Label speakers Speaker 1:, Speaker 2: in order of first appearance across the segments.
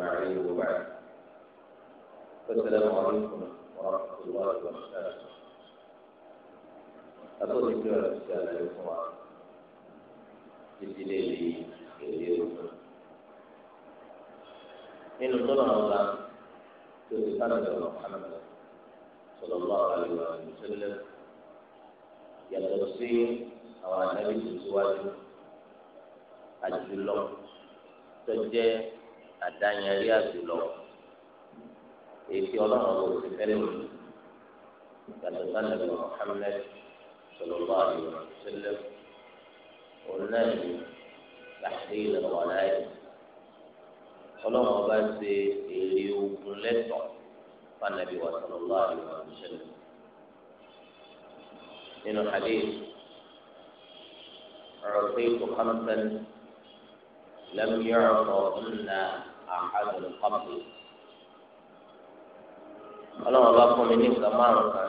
Speaker 1: أجمعين وبعد السلام عليكم ورحمة الله وبركاته أقول لك يا رسول الله ìdílé yìí èyí òkú nínú tọ́lá ọ̀la tó ti ká lọ́dọ̀ Muhammad sallallahu alaihi wa sallam yàtọ̀ sí àwọn àdáyé tó síwájú àjùlọ tó jẹ́ àdáyẹrí àjùlọ èyí ọlọ́run ló ti fẹ́ lónìí yàtọ̀ sálẹ̀ lọ Muhammad sọlọ́lá àdìyẹ sẹlẹ̀ òun náà ní láti ilẹ̀ wàlá yìí ọlọ́run ọba ṣe èrè ogun lẹ́tọ̀ fanabi wa sọlọ́lá àdìyẹ sẹlẹ̀ nínú hadith ọ̀rọ̀ pé kò kàmsán lẹ́mú yọ̀rọ̀ ọ̀hún náà. àhálà lọ́kọ́bù. ọlọ́run bá fún mi ní nǹkan márùn-ún kan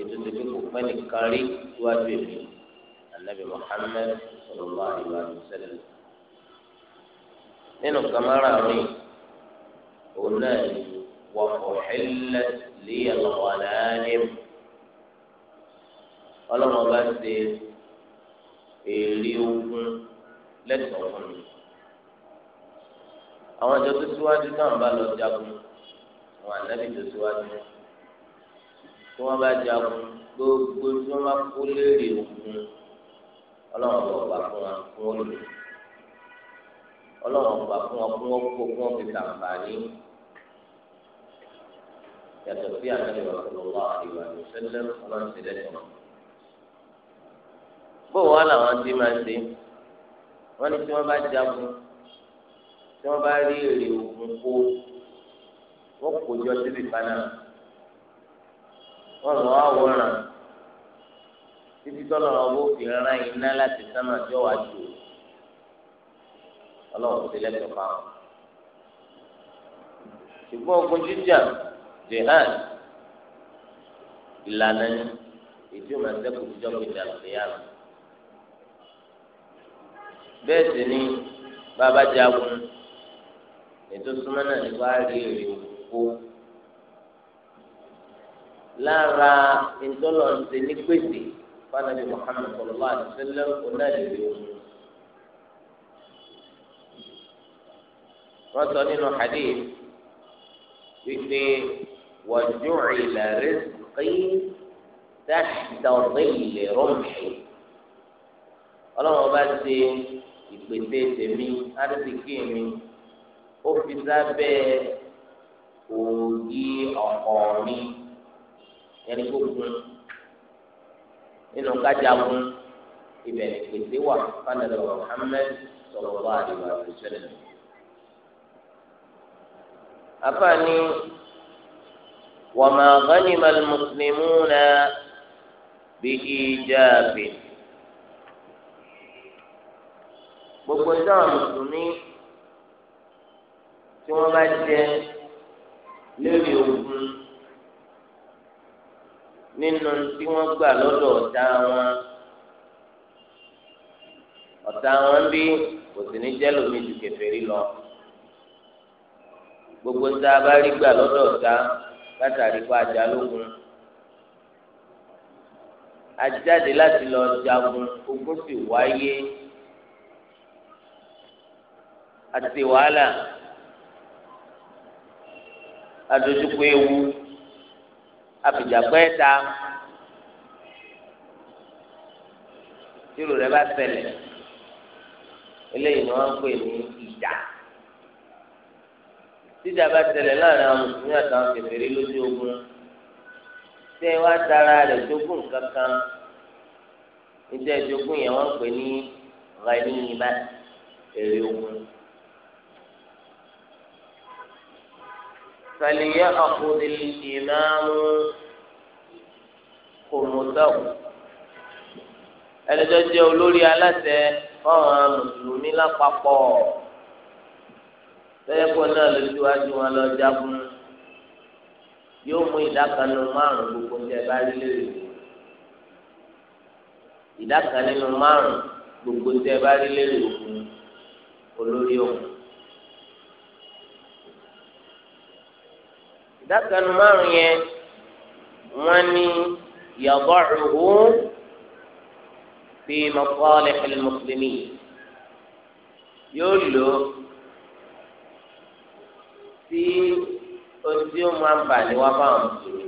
Speaker 1: ètò tètè kò pẹ́ nìkan rí síwájú èmi anabi muhammed sallallahu alaihi wa sallam. nínú nǹkan márùn-ún yìí òun náà ni wọ́n kò xílẹ̀ lẹ́yìn ọlọ́run bá ṣe èrè ogun lẹ́tọ̀ọ́ fún mi àwọn àjọ tó síwájú táwọn bá lọ jagun àwọn ànábì tó síwájú tí wọn bá jagun gbogbo tí wọn bá kó léèrè òkun Ọlọ́run bọ ọgbà fún wọn fún wọn lò Ọlọ́run ọgbà fún wọn fún wọn kó fún wọn fi sàǹfààní yàtọ̀ sí ànábì wà fún wọn àdìwà ní ṣẹlẹ̀ Ọlọ́run ti lẹ́sẹ̀ wọn. bó wàá làwọn ti máa ń ṣe wọn ní tí wọn bá jagun tí wọ́n bá rí èrè òògùn kó wọ́n kò jọ síbi kan náà wọ́n lọ́ àwòrán títí tọ́lọ̀ ọgbó fi rán iná láti sánmà tí ó wà jù ọlọ́run ti lẹ́tọ̀ọ́ pa wọn. ṣùgbọ́n ogun jíjà jihad ìlànà ni èdè òun àti ẹ̀kọ́ ìjọba ìjà ìyára. bẹ́ẹ̀ sì ni bàbá jagun ètò súnmọ́ náà ní wàá rí èrè òkú lára ìtọ́lọ̀ ń ṣe ní pèsè fanabi Muhammad sallallahu alaihi wasallam ọ̀nà èrè òkú. wọ́n nínú hadith wípé وجعل رزقي تحت ظل رمحي ọlọ́run ọba ṣe ìpèsè tèmi àdìsíkì mi ó fi sábẹ́ òògì ọ̀pọ̀ mi ẹni tó gun nínú kájagun ibẹ̀ ní pèsè wà fánàlẹ́ wa Muhammad sallallahu alaihi wa sallam. afaani wàmà ghanima muslimuna bí ìjáàbì gbogbo ìdáhùn mùsùlùmí tí wọ́n bá jẹ lórí ogun nínú tí wọ́n gbà lọ́dọ̀ ọ̀tá wọn ọ̀tá wọn bí kò sì ní jẹ́ lómi ju kèfèrí lọ gbogbo ń tá a bá rí gbà lọ́dọ̀ ọ̀tá látàrí pa ajá lógun ajáde láti lọ jagun ogun sì wáyé àti wàhálà adójúkọ ewu àfìjàgbẹ́ ta tírò rẹ bá ṣẹlẹ̀ eléyìí ni wọ́n ń pè ní ìjà tíjà bá ṣẹlẹ̀ láàrin àwọn mùsùlùmí àtàwọn kèfèrí lójú ogun tí ẹ wá dára rẹ̀ jogún kankan níjẹ́ jogún yẹn wọ́n ń pè ní ọ̀gá ẹni yìí bá èrè ogun. فليأخذ الإمام قمته ẹni tó jẹ́ olórí aláṣẹ fáwọn mùsùlùmí lápapọ̀ tẹ́lẹ̀kọ́ náà ló síwájú wọn lọ jagun yóò mú ìdákanu márùn gbogbo tẹ bá rí lérè ìdákanu márùn gbogbo tẹ bá rí lérè òkun olórí òkun. dákanu márùn yẹn wọ́n ní yada'uhu fi masalih al-muslimin yóò lò sí ohun tí ó máa ń bà ní wá báwọn mùsùlùmí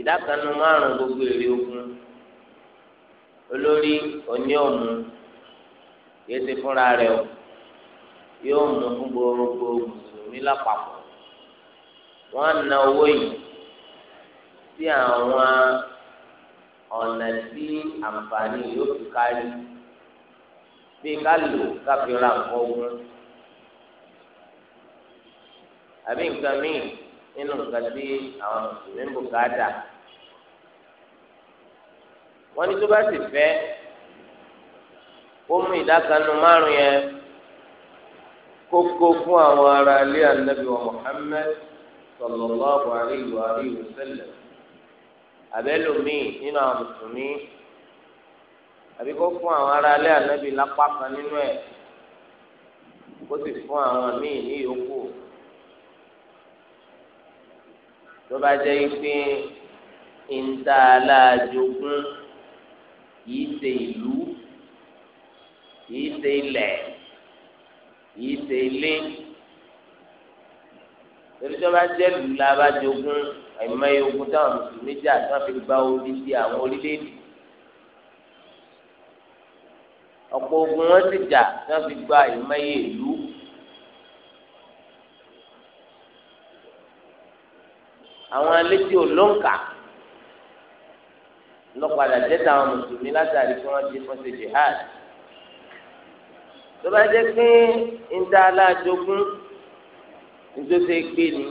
Speaker 1: ìdákanu márùn gbogbo èrè ogun olórí oní òmu yéé ti fúnra rẹ̀ o yóò mú fún gbogbo mùsùlùmí lápapọ̀ wọ́n na owó yìí sí àwọn ọ̀nà tí àǹfààní yóò fi kárí bí ká lò ká fi ra nǹkan ogun àbí nǹkan míì nínú nǹkan tí àwọn mùsùlùmí ń bùkátà wọ́n ní tó bá sì fẹ́ ó mú ìdákanu márùn yẹn kókó fún àwọn ará ilé ànábì wa Muhammad sallallahu alayhi wa alihi wa sallam àbẹ́lòmíì nínú àwọn mùsùlùmí àbí kó fún àwọn aráalé ànábì lápá kan nínú ẹ̀ kó sì fún àwọn míì ní yòókù tó bá jẹ́ pé ìta yìí ṣe ìlú yìí ṣe ilẹ̀ yìí ṣe ilé torí tí wọn bá jẹ lù la bá jogún àìmọye ogun táwọn mùsùlùmí jà tí wọn fi gba orí sí àwọn orílẹ̀-èdè ọ̀pọ̀ ogun wọn sì jà tí wọn fi gba àìmọye ìlú. àwọn alétí olóńkà lọ́padà jẹ́ táwọn mùsùlùmí látàrí kí wọ́n ti fún ṣe jihad. tó jẹ́ pé ń dá aláàjogún nítòsí gbé ni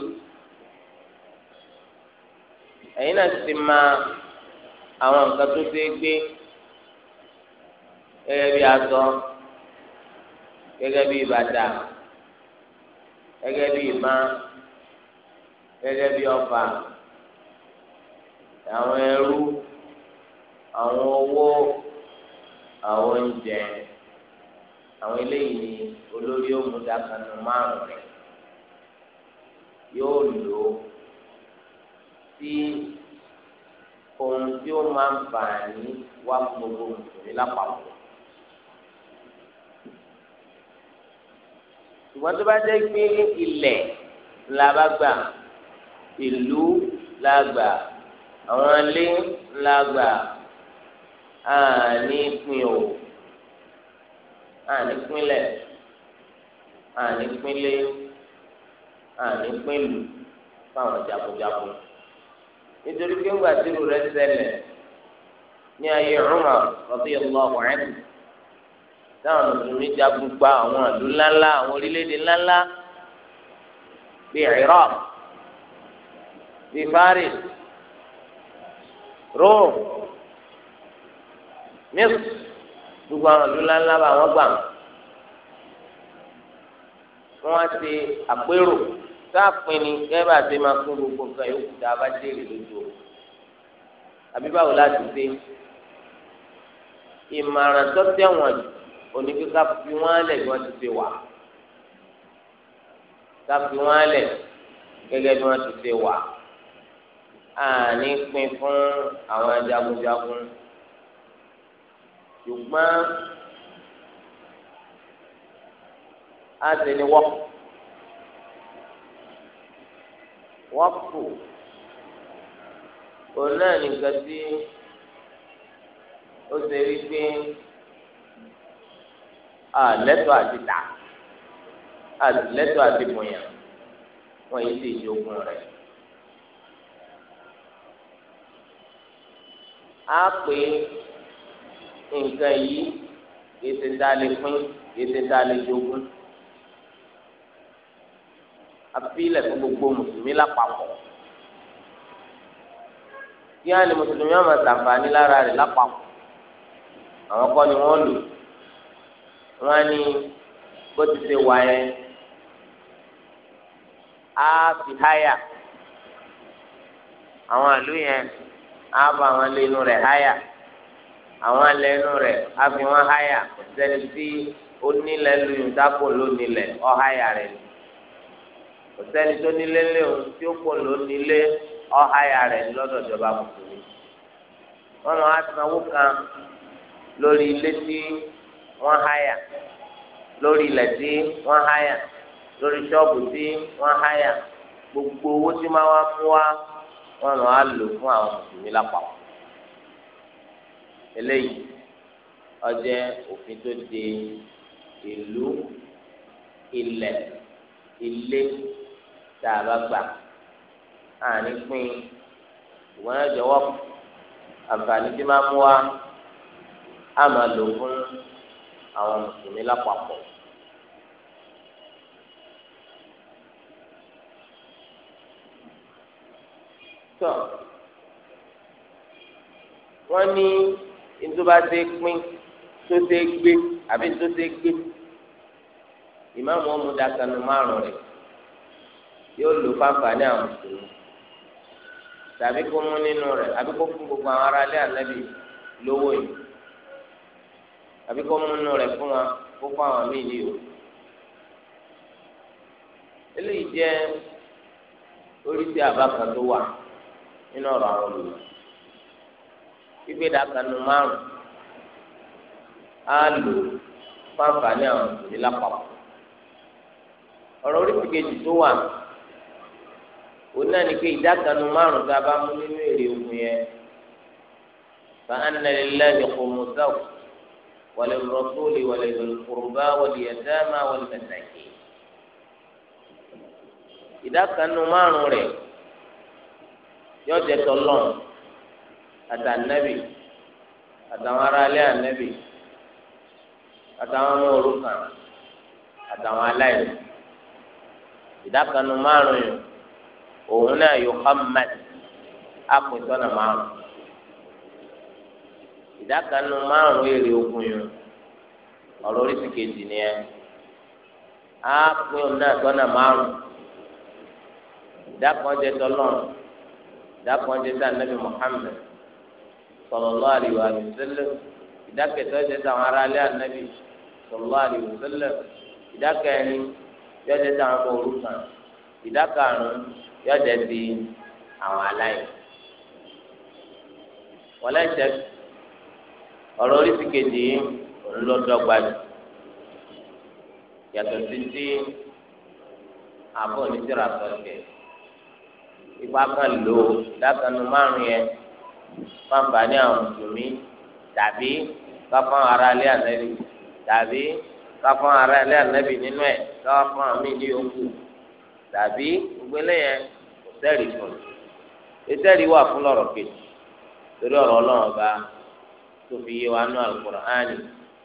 Speaker 1: ẹ̀yin náà ti máa àwọn nǹkan tó ṣe é gbé gẹ́gẹ́ bí aṣọ gẹ́gẹ́ bí bàtà gẹ́gẹ́ bí ìmá gẹ́gẹ́ bí ọfà àwọn ẹrú àwọn owó àwọn oúnjẹ àwọn eléyìí ni olórí òmùdá kanu márùn rẹ̀ yóò lò ó sí ohun tí ó máa ń bà ní wá gbogbo mùsùlùmí lápapọ̀. ṣùgbọ́n tó bá jẹ́ pé ilẹ̀ la bá gbà ìlú la gbà àwọn ilé la gbà àní pin o àní pinlẹ̀ àní pinlẹ̀ àní pínlù fáwọn jagunjagun nítorí pé ńgbà tí irú rẹ̀ ṣẹlẹ̀ ní ayé Umar radiyallahu anhu táwọn mùsùlùmí jagun gba àwọn ìlú ńláńlá àwọn orílẹ̀-èdè ńláńlá bíi Iraq bíi Paris Rome Misr gbogbo àwọn ìlú ńláńlá bá wọn gbà wọn ti àpérò sáàpin ni gẹ́gẹ́ bá ti máa fún gbogbo nǹkan yòókù tá a bá délé lójú o àbí báwo láti dé ìmọ̀ràn tó tẹ̀wọ̀n jù oníkíkà fi wọ́n lẹ̀ bí wọ́n ti ṣe wà ká fi wọ́n lẹ̀ gẹ́gẹ́ bí wọ́n ti ṣe wà àní pin fún àwọn jagunjagun ṣùgbọ́n a sì ní wọ́pọ̀. wọ́pù òun náà nìkan tí ó ṣe rí pé àlẹ́tọ̀ àti tà àlẹ́tọ̀ àti bùnyàn wọ́n yìí ti jogun rẹ̀. a pè nǹkan yìí kì í ṣe dálé pín kì í ṣe dálé jogun àfilẹ̀ fún gbogbo mùsùlùmí lápapọ̀ kí á ní mùsùlùmí ọmọ sàǹfààní lára rẹ̀ lápapọ̀ àwọn kọ́ ni wọ́n lò wọ́n á ní bó ti ṣe wà yẹn á fi háyà àwọn àlù yẹn á bá àwọn lẹ́nu rẹ̀ háyà àwọn lẹ́nu rẹ̀ á fi wọ́n háyà sẹ́ni tí ó nílẹ̀ lóyún dákò lónìí lẹ̀ ọ́ háyà rẹ̀ ni òsẹ́ni tó nílé lé o tí ó pọ̀ ló nílé ọ̀háyà rẹ̀ lọ́dọ̀ ìjọba mùsùlùmí. wọ́n máa sanwó kan lórí ilé tí wọ́n háyà lórí ilẹ̀ tí wọ́n háyà lórí ṣọ́ọ̀bù tí wọ́n háyà gbogbo owó tí máa wá fún wa wọ́n máa lò fún àwọn mùsùlùmí lápapọ̀. eléyìí ọjẹ́ òfin tó de ìlú ilẹ̀ ilé tá a bá gbà àní pín ìwọ́n náà jọ̀wọ́ àǹfààní tí máa mú wa á máa lò fún àwọn mùsùlùmí lápapọ̀. tọ́ wọ́n ní ntúbà ṣe pín tó ṣe gbé àbí tó ṣe gbé ìmáàmù ọmọdé akanu márùn rẹ̀ yóò lò fáfà ní àwọn mùsùlùmí tàbí kó mú nínú rẹ̀ àbí kó fún gbogbo àwọn ará ilé ànábì lówó yìí àbí kó mú nínú rẹ̀ fún wa kó fún àwọn míì ní ìwò eléyìí jẹ́ oríṣi àbá kan tó wà nínú ọ̀rọ̀ àwọn olùwà gbígbéda márùn á lò fáfà ní àwọn mùsùlùmí lápapọ̀ ọ̀rọ̀ oríṣi kejì tó wà òun náà ní pé ìdákanu márùn tá a bá mú nínú èrè ogun yẹn fa anna lillahi khumsahu wa lirrasuli wa lidhil qurba wal yatama wal masakin ìdákanu márùn rẹ̀ yóò jẹ́ tọlọ àtànẹbì àtàwọn aráalé ànẹbì àtàwọn ọmọ òrukàn àtàwọn aláìní ìdákanu márùn yìí òun náà yóò hamad apòtọ́nà márùn ìdákanu márùn èrè ogun yìí ọ̀rọ̀ oríṣi kejì ni ẹ á pín òun náà tọ́nà márùn ìdákanjẹ tọlọ́n ìdákanjẹ tá nàbì Muhammad sallallahu alaihi wa sallam ìdákẹtọ́jẹ táwọn aráalé ànábì sallallahu alaihi wa sallam ìdákẹrin yọjẹ táwọn ọmọ òrukàn ìdákarùn yọjẹ sí àwọn aláìní wọlé ṣe ọ̀rọ̀ oríṣi kejì òun ló dọ́gba jù yàtọ̀ sí tí àbọ̀ onítìrà sọ jẹ ipa kan lò dákanu márùn yẹn fáǹfà ní àwọn mùsùlùmí tàbí káfọn ara ilé ànábì tàbí káfọn ara ilé ànábì nínú ẹ káfọn àmì ní yòókù tàbí gbogbo eléyẹn sẹ́ẹ̀rì fún un sẹ́ẹ̀rì wà fún lọ́rọ̀ kejì torí ọ̀rọ̀ ọlọ́run ọba tó fi yé wa nú al-Qur'ani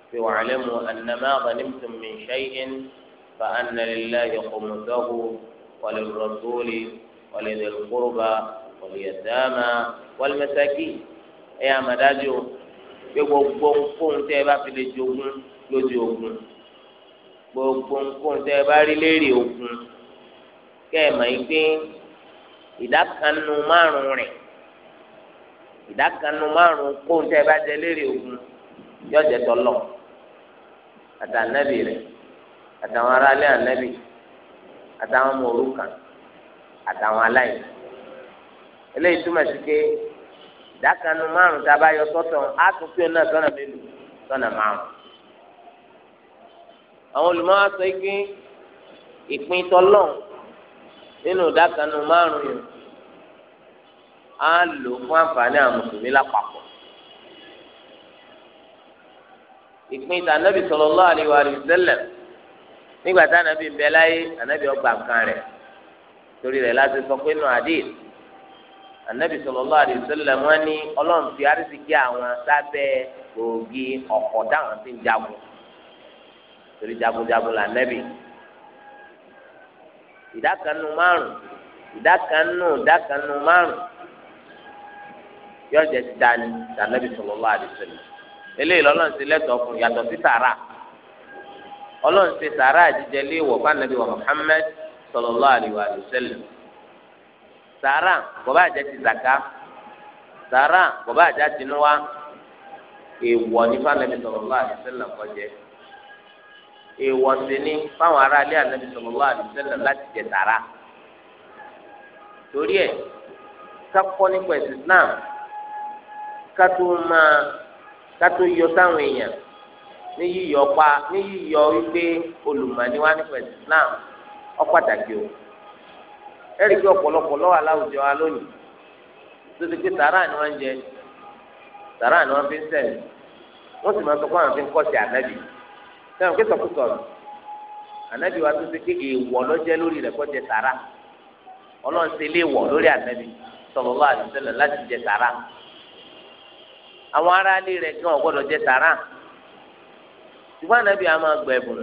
Speaker 1: fi wa'lamu annama ghanimtum min shay'in fa anna lillahi khumsahu wa lirrasuli wa lidhil qurba wal yatama wal masakin pé gbogbo tẹ́ ẹ bá fi lè jogún lójú ogun gbogbo tẹ́ ẹ bá rí léèrè ogun kẹ́ ẹ̀ mọ̀ yín pé ìdákanu márùn rìn ìdákanu márùn kó ń tẹ bá jẹ lérè ogun yóò jẹ tọlọ àtànẹbì rẹ àtàwọn aráalé ànẹbì àtàwọn ọmọ òrukàn àtàwọn aláìní eléyìí túmọ̀ sí pé ìdákanu márùn tá a bá yọ sọ́tọ̀ á tún pé náà sọ́nà mélòó sọ́nà márùn àwọn olùmọ̀ sọ pé ìpín tọlọ́hún nínú ìdákanu márùn yìí á lò fún àǹfààní àwọn mùsùlùmí lápapọ̀ ìpín ìta anábì sallallahu alaihi wa sallam nígbà tá anábì ń bẹ láyé anábì ọgbà nǹkan rẹ̀ torí rẹ̀ láti sọ pé nù àdìr anábì sallallahu alaihi wa sallam wọ́n ní Ọlọ́run fi àrísìkí àwọn sábẹ́ òògì ọkọ dáhùn sí jagun torí jagunjagun là anábì. ìdákanu márùn ìdákanu ìdákanu márùn yóò jẹ ti dání sànẹbi sallallahu alaihi eléyìí lọ́lọ́run ti lẹtọ fún yàtọ̀ sí sàrà Ọlọ́run ti sàrà jíjẹ léèwọ̀ fànàbí wa sàrà bọba àjẹ ti zaka sàrà bọba àjẹ ní fànàbí kọjẹ. ewo sí ni fáwọn aráalé ànábi sallallahu alaihi wasallam láti jẹ tààrà torí ẹ̀ kakọ́ nípa ẹ̀sìn Islam kátó máa kátó yọ sáwọn èèyàn ní yíyọ pa ní yíyọ wípé olùmọ̀niwá nípa ẹ̀sìn pàtàkì o ẹ̀rí pé ọ̀pọ̀lọpọ̀ lọ́wọ́ aláwùjọ wa lónìí tó ti pé tààrà ni wọ́n ń jẹ tààrà ni wọ́n fi ń wọ́n sì máa sọ pé fi ń kọ́ sí sẹ́wọ̀n kí sọ̀kúsọ̀ rẹ̀ ànábì wa tó ṣe pé èèwọ̀ lọ́jẹ́ lórí rẹ̀ kọ́ jẹ tara ọlọ́run ṣe lé wọ̀ lórí ànábì sallallahu alaihi láti jẹ tara àwọn ará ilé rẹ̀ kí wọ́n gbọ́dọ̀ jẹ tara ṣùgbọ́n ànábì á máa gbọ́ ẹ̀bùn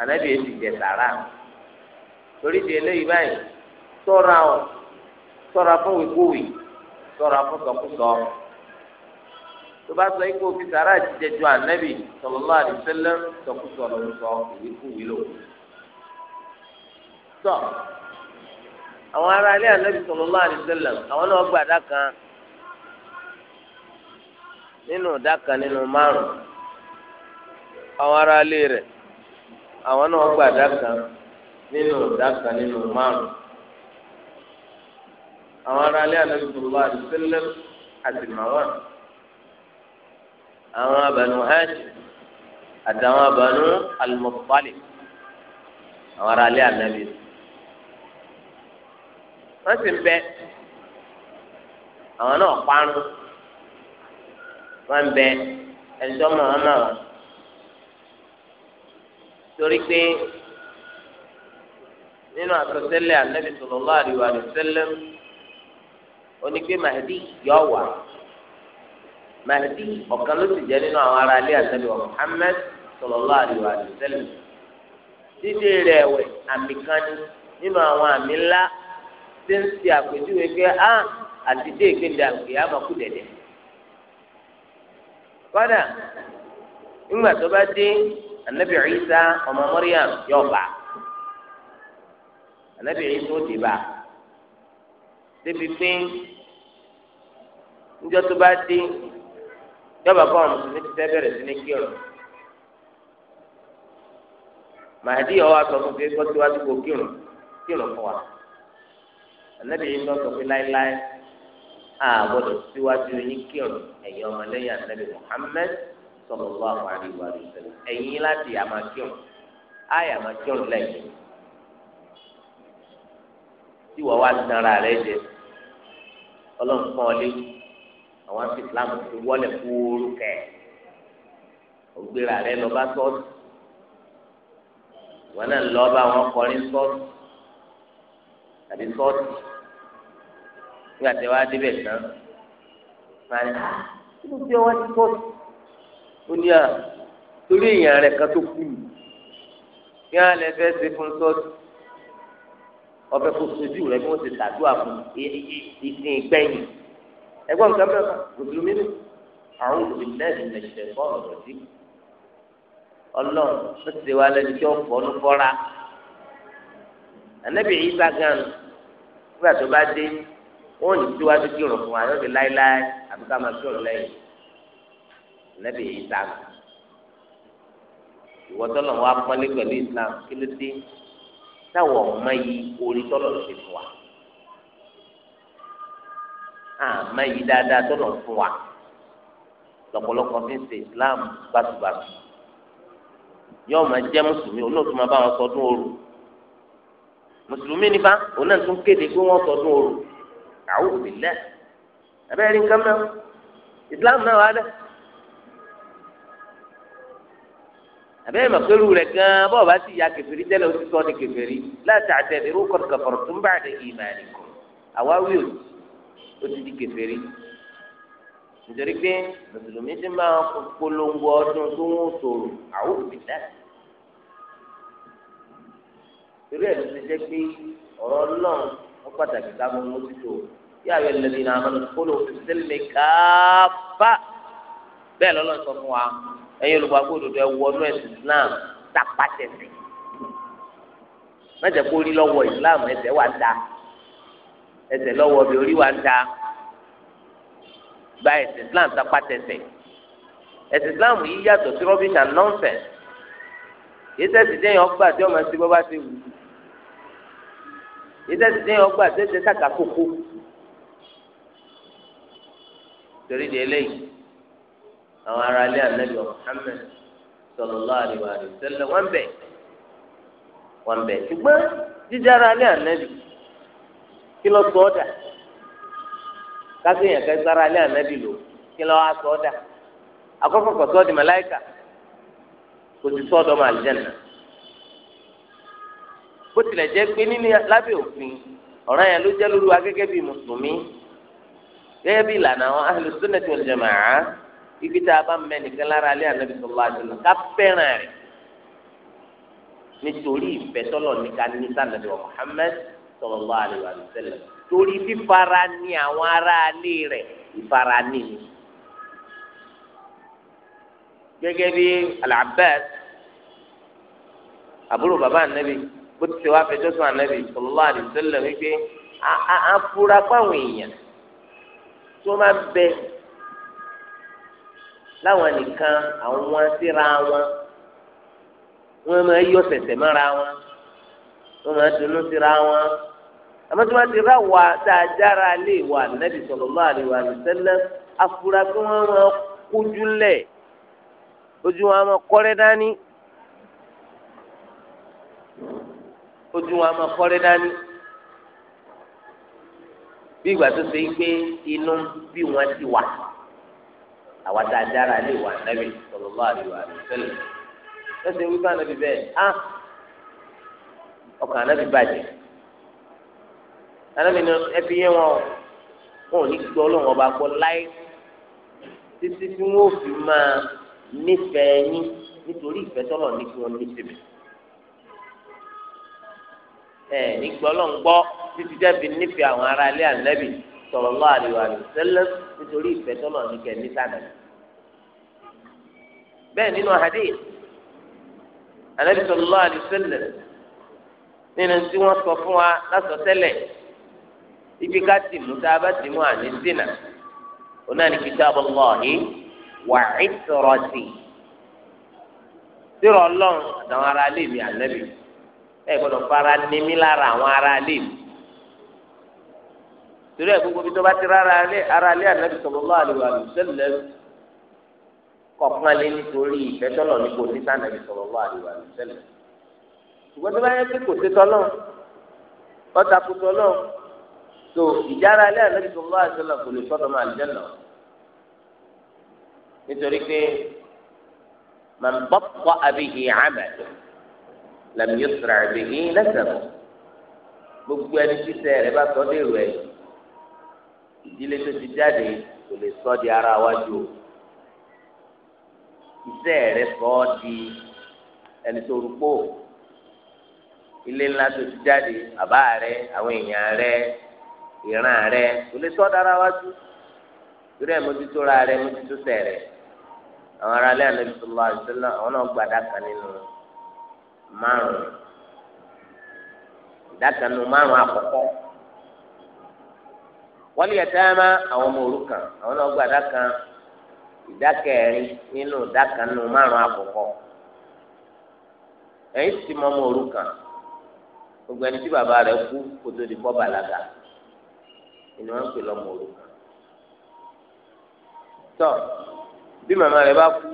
Speaker 1: ànábì yẹn ti jẹ tara torí ọ fún fún tó bá sọ ikú òfin sàrà jíjẹ ju ànábì sallallahu alaihi wasallam sọkúsọ ló sọ ìwíkú wílò. sọ àwọn ará ilé ànábì sallallahu alaihi wasallam àwọn náà gba àdá kan nínú ìdá kan nínú márùn àwọn ará ilé rẹ̀ àwọn náà gba àdá nínú ìdá nínú márùn àwọn ará ilé ànábì sallallahu alaihi àti màwọn àwọn abànú hajj àtàwọn abànú alimọ̀tòpálì àwọn ará alẹ́ ànábì wọ́n sì ń bẹ àwọn náà parun wọ́n ń bẹ ẹ̀ńtọ́ mọ̀ wọ́n mọ̀ wọ́n torí pé nínú àtọ́sẹ́lẹ̀ ànábì sallallahu alaihi wa sallam onígbé Mahdi yọ wà. Mahdi ọ̀kan ló sì jẹ́ nínú àwọn ará ilé àtẹ́lẹ̀ wa Muhammad sallallahu alaihi wa sallam dídé rẹ̀ ẹ̀wẹ̀ àmì kan ní nínú àwọn àmì ńlá tí ń ṣe àpèjúwe pé á àti dé ìgbéǹde àgbè àmọ́kù dẹ̀dẹ̀ kọ́dà ńgbà tó bá dé anabi Isa ọmọ Maryam yóò anabi Isa ó ti bá débi pé yọba kọ́ àwọn mùsùlùmí ti fẹ́ bẹ̀rẹ̀ sí ní kírun màdí ọwọ́ aṣọ fún pé kọ́ síwájú kó kírun kírun fún wa ànábì yìí lọ sọ pé láéláé a gbọdọ̀ síwájú yín kírun ẹ̀yin ọmọlẹ́yìn ànábì Muhammad sallallahu alaihi wa sallam ẹ̀yin láti àmà kírun àyà àmà kírun lẹ́yìn tí wọ́n wá sanra rẹ̀ jẹ ọlọ́run fún ọ léyìn àwọn àti islam ti wọlé kúrú kẹ ògbéra rẹ lọ bá ṣọ́ọ̀ṣì wọn náà lọ bá wọn kọrin ṣọ́ọ̀ṣì tàbí ṣọ́ọ̀ṣì nígbà tí wàá débẹ̀ tán máa ní kí ló dé wọn ti ṣọ́ọ̀ṣì ó ní à torí èèyàn rẹ kan tó kú yìí kí wọn lè fẹ́ ṣe fún ṣọ́ọ̀ṣì ọbẹ̀ kò sojú rẹ bí wọ́n ti tàdúrà fún ìsìn ìgbẹ́yìn ẹgbọn nǹkan mẹ́fà mùsùlùmí ni àwọn olùbílẹ̀ẹ̀dì lẹ̀ṣẹ̀ fọ́ọ̀nù rẹ̀ sí ọlọ́run ó ti wá lẹ́ni tí ó fọ́ ọ́nú fọ́ra ànábì Ìsá gan nígbà tó bá dé wọn ò ní síwájú kí òrùn fún wa yóò di láéláé àbí ká máa kí òrùn lẹ́yìn ànábì Ìsá gan ìwọ tọ́lọ̀ wa pọ́nlé pẹ̀lú Islam kí ló dé táwọn ọmọ yìí orí tọ́lọ̀ ló ti fún wa àmọ́ yìí dáadáa tó lọ fún wa lọ́pọ̀lọpọ̀ fi ń ṣe islam báṣubàṣu yóò máa jẹ́ mùsùlùmí olóòtú máa bá wọn sọdún ooru mùsùlùmí ni bá òun náà tún kéde pé wọ́n sọdún ooru a'udhu billah abẹ́rẹ́ rí nǹkan mẹ́wọ́ islam náà wà dẹ́ abẹ́rẹ́ màkúrú rẹ̀ gan bọ́ọ̀ bá ti ya kèfèrí tẹ́lẹ̀ o ti sọ ọ́ di kèfèrí la ta'tadiru qad kafartum ba'da imanikum àwa wí ó ti di kèfèrí nítorí pé mùsùlùmí ti máa polongo ọdún tó ń sòrò àwọn òbítà torí ẹ̀ ló ti jẹ́ pé ọ̀rọ̀ náà wọ́n pàtàkì ká mọ́ mójútó yóò àwọn ẹlẹ́dìn náà máa kó ló fi sílẹ̀ káfá bẹ́ẹ̀ lọ́lọ́ sọ fún wa ẹ̀yin olùgbàgbọ́ òdodo ẹ̀ wọnú ẹ̀sìn Islam tapatẹ̀sìn mẹ́jẹ̀ kó rí lọ́wọ́ Islam ẹ̀sẹ̀ wà dáa ẹsẹ̀ lọ́wọ́ bí orí wa ń ta gba ẹsẹ̀ islam tapá tẹsẹ̀ ẹsẹ̀ islam yìí yàtọ̀ sí rubbish and nonsense yíṣẹ́ ti dẹ́yìn ọgbà tí ọmọ ẹsẹ̀ bọ́bá ti wù yíṣẹ́ ti dẹ́yìn ọgbà tí ẹsẹ̀ kàkà kókó torí di eléyìí àwọn ará ilé anabi Muhammad sallallahu alaihi wa sallam wọn bẹ wọn bẹ ṣùgbọ́n jíjára ilé anabi kí lọ sọ ọ́dà kásìyàn kẹ́ sára alẹ́ ànábì lò kí lọ́ wá sọ ọ́dà akọ́kọ́ kọ̀ sọ́ọ́dì màláìkà kò sì sọ́ọ́dọ̀ mà àlìjẹ́nà bó tilẹ̀ jẹ́ pé nínú lábẹ́ òfin ọ̀ràn yẹn ló jẹ́ lórí wa gẹ́gẹ́ bí mùsùlùmí gẹ́gẹ́ bí ìlànà àwọn ahlu sunnati wal jama'a ibi tá a bá mẹ́nìkan lára alẹ́ ànábì sallallahu alaihi ká fẹ́ràn rẹ̀ nítorí ìfẹ́ tọ́lọ̀ ní ká wa Muhammad sallallahu alaihi wa sallam torí fífara ní àwọn aráalé rẹ̀ ìfara ní ni. gẹ́gẹ́ bí Al-Abbas àbúrò bàbá ànábì bó ti ṣe wá fẹjọ́ sùn ànábì sallallahu alaihi wa sallam wípé àfúrá fáwọn èèyàn tó máa bẹ láwọn nìkan àwọn síra wọn wọn máa yọ sẹsẹ mọ́ra wọn wọn máa dunú síra wọn àmọ́ tí wọ́n wa rà wá dáadára lè wà nẹ́bí sallallahu wa sallam afura kí wọ́n máa kójú lẹ̀ ojú wọn máa kọ́rẹ́ dání ojú wọn máa kọ́rẹ́ dání bí ìgbà tó ṣe é inú bí wọ́n ti wà àwa dáadára lè wà nẹ́bí sallallahu alaihi wa sallam lọ́sẹ̀ wípé ànábì bẹ́ẹ̀ á ah, ọkàn ànábì bàjẹ́. anábì ní ẹbí yẹn wọn wọn ò ní gbọ́ lóun ọba gbọ́ láì títí tí wọn ò fi máa nífẹ̀ẹ́ yín nítorí ìfẹ́ tọ́lọ̀ ní kí wọ́n ní ẹ ní gbọ́ gbọ́ títí dẹ́bi nífẹ̀ẹ́ àwọn ará ilé nítorí ìfẹ́ tọ́lọ̀ ní kẹ́ ní bẹ́ẹ̀ nínú nínú tí wọ́n ibi ká tì mú tá a bá tì mú àní dínà oná ní kitabullahi wa itrati sírọ Ọlọ́run àtàwọn ará ilé mi ànábì ẹ gbọ́dọ̀ fara nímí lára àwọn ará ilé mi torí ẹ gbogbo bí tó bá ti rárá ará ilé ànábì sallallahu alaihi wa sallam kọ̀ọ̀kan lé nítorí ìfẹ́ ní kò ní sànàbì sallallahu alaihi wa sallam ṣùgbọ́n tó bá yẹ kí kò sí tọ́lọ̀ ọ̀tàkùtọ̀ so ìjára alẹ́ ànábì sallallahu alaihi wasallam kò lè sọ́dọ̀ máa àlùjánnà nítorí pé man bata'a bihi 'amaluhu lam yusra' bihi nasabuhu gbogbo ẹni títẹ rẹ bá sọ dèrò ẹ ìdílé tó ti jáde kò lè sọ di ara wájú o iṣẹ rẹ sọ di ẹni tó rúpò ilé ńlá tó ti jáde bàbá rẹ àwọn èèyàn rẹ ìran rẹ kò lè sọ dára wájú torí ẹ ra rẹ mójútó sẹ rẹ àwọn ará ilé àná bìtú lọ àti sọlá àwọn náà gba dáka nínú márùn dáka nínú márùn àkọ́kọ́ wọ́n yẹ tẹ́lẹ̀má àwọn ọmọ òrukàn àwọn náà gba ìdákẹ́rin nínú nínú márùn àkọ́kọ́ ẹ̀yìn di ìní wọn ń pè lọ́mọ òrukàn tọ́ bí màmá rẹ̀ bá kú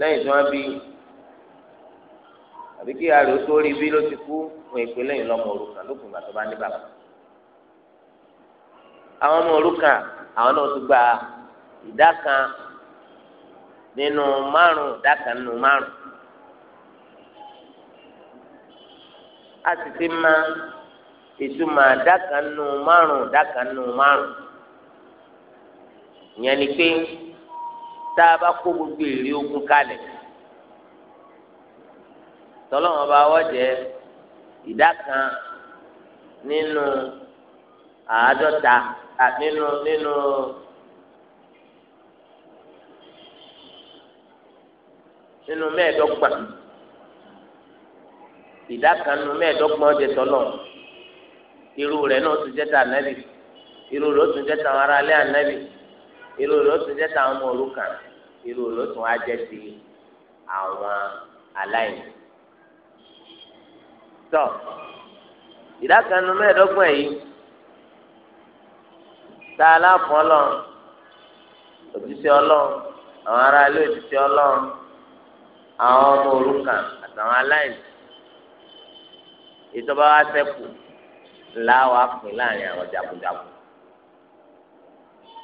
Speaker 1: lẹ́yìn tí wọ́n bí àbí kí ara rẹ̀ tó rí bí ló ti kú wọn èpè lẹ́yìn lọ́mọ òrukàn lókun ìgbà tó bá ní bàbá àwọn ọmọ òrukàn àwọn náà tún gba ìdá kan nínú márùn ìdá kan nínú márùn a sì ti máa ìtumọ̀ àdàkànnù márùn àdàkànnù márùn ìyẹn ni pé tá a bá kó gbogbo èrè ogun kalẹ̀ tọ́lọ́wọ́n bá wọ́jẹ́ ìdá kan nínú àádọ́ta nínú nínú nínú mẹ́ẹ̀ẹ́dọ́gbọ̀n ìdá nínú mẹ́ẹ̀ẹ́dọ́gbọ̀n ọ̀jẹ̀ tọ́lọ́wọ́n irú rẹ̀ náà tún jẹ́ tà nẹ́bì irú rẹ̀ ó tún jẹ́ tà àwọn aráalé ànẹ́bì irú rẹ̀ ó tún jẹ́ tà àwọn ọmọ òrukàn irú rẹ̀ ó tún wá jẹ́ ti àwọn aláìní. tọ́ ìdákanu mẹ́ẹ̀ẹ́dọ́gbọ̀n yìí tá a láfọ́ ọlọ́run òjíṣẹ́ ọlọ́run àwọn aráalé òjíṣẹ́ ọlọ́run àwọn ọmọ òrukàn àtàwọn aláìní ìjọba wa sẹ́kù láwa pín láàrin àwọn jagunjagun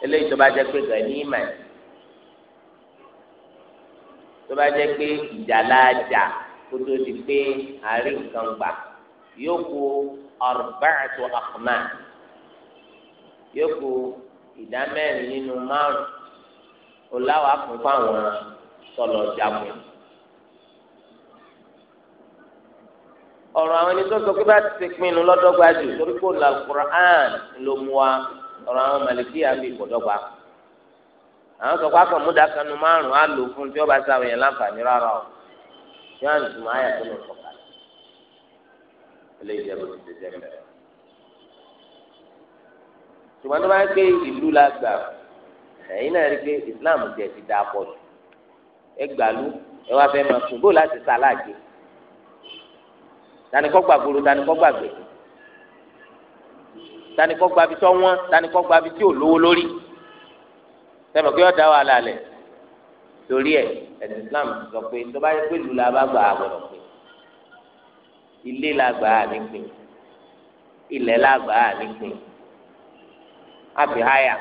Speaker 1: eléyìí tó bá jẹ́ pé gànímà tó bá jẹ́ pé ìjà láàjà kó tó di pé àárín nǹkan gbà yóò kó arba'atu akhma yóò kó ìdá mẹ́rin nínú márùn ó láwa pín fáwọn sọlọ jagun. ọ̀rọ̀ àwọn ẹni tó sọ pé bá ti ṣe pinnu lọ́dọ́gba jù torí kò là Qur'an ló mú wa ọ̀rọ̀ àwọn màlìkí àbí ìkọ̀dọ́gba àwọn sọ pé akọ̀múdà kanu márùn á lò fún tí ó bá sáwọn yẹn láǹfààní rárá o yóò hàn tùmọ̀ ayà tó lọ sọ kalẹ̀ ilé ìjẹun ti ti jẹun bẹ̀rẹ̀ ṣùgbọ́n tó bá ń gbé ìlú la gbà ẹ̀yin náà rí i pé Islam jẹ ti dáa pọ̀ jù ẹ gbàlú ẹ wá fẹ́ máa sùn bó láti sá láàjì tani kọ́ gbà gbolo tani kọ́ gbà gbé tani kọ́ gbà bi tọ́ wọ́n tani kọ́ gbà bi tí ò lówó lórí sẹ́mi kí wọ́n da wà lálẹ́ torí ẹ̀ ẹ̀sìn Islam sọ pé tó bá yẹ pé lù la bá gbà á gbọ́dọ̀ pé ilé la gbà á nípìn ilẹ̀ la gbà á nípìn àfi háyà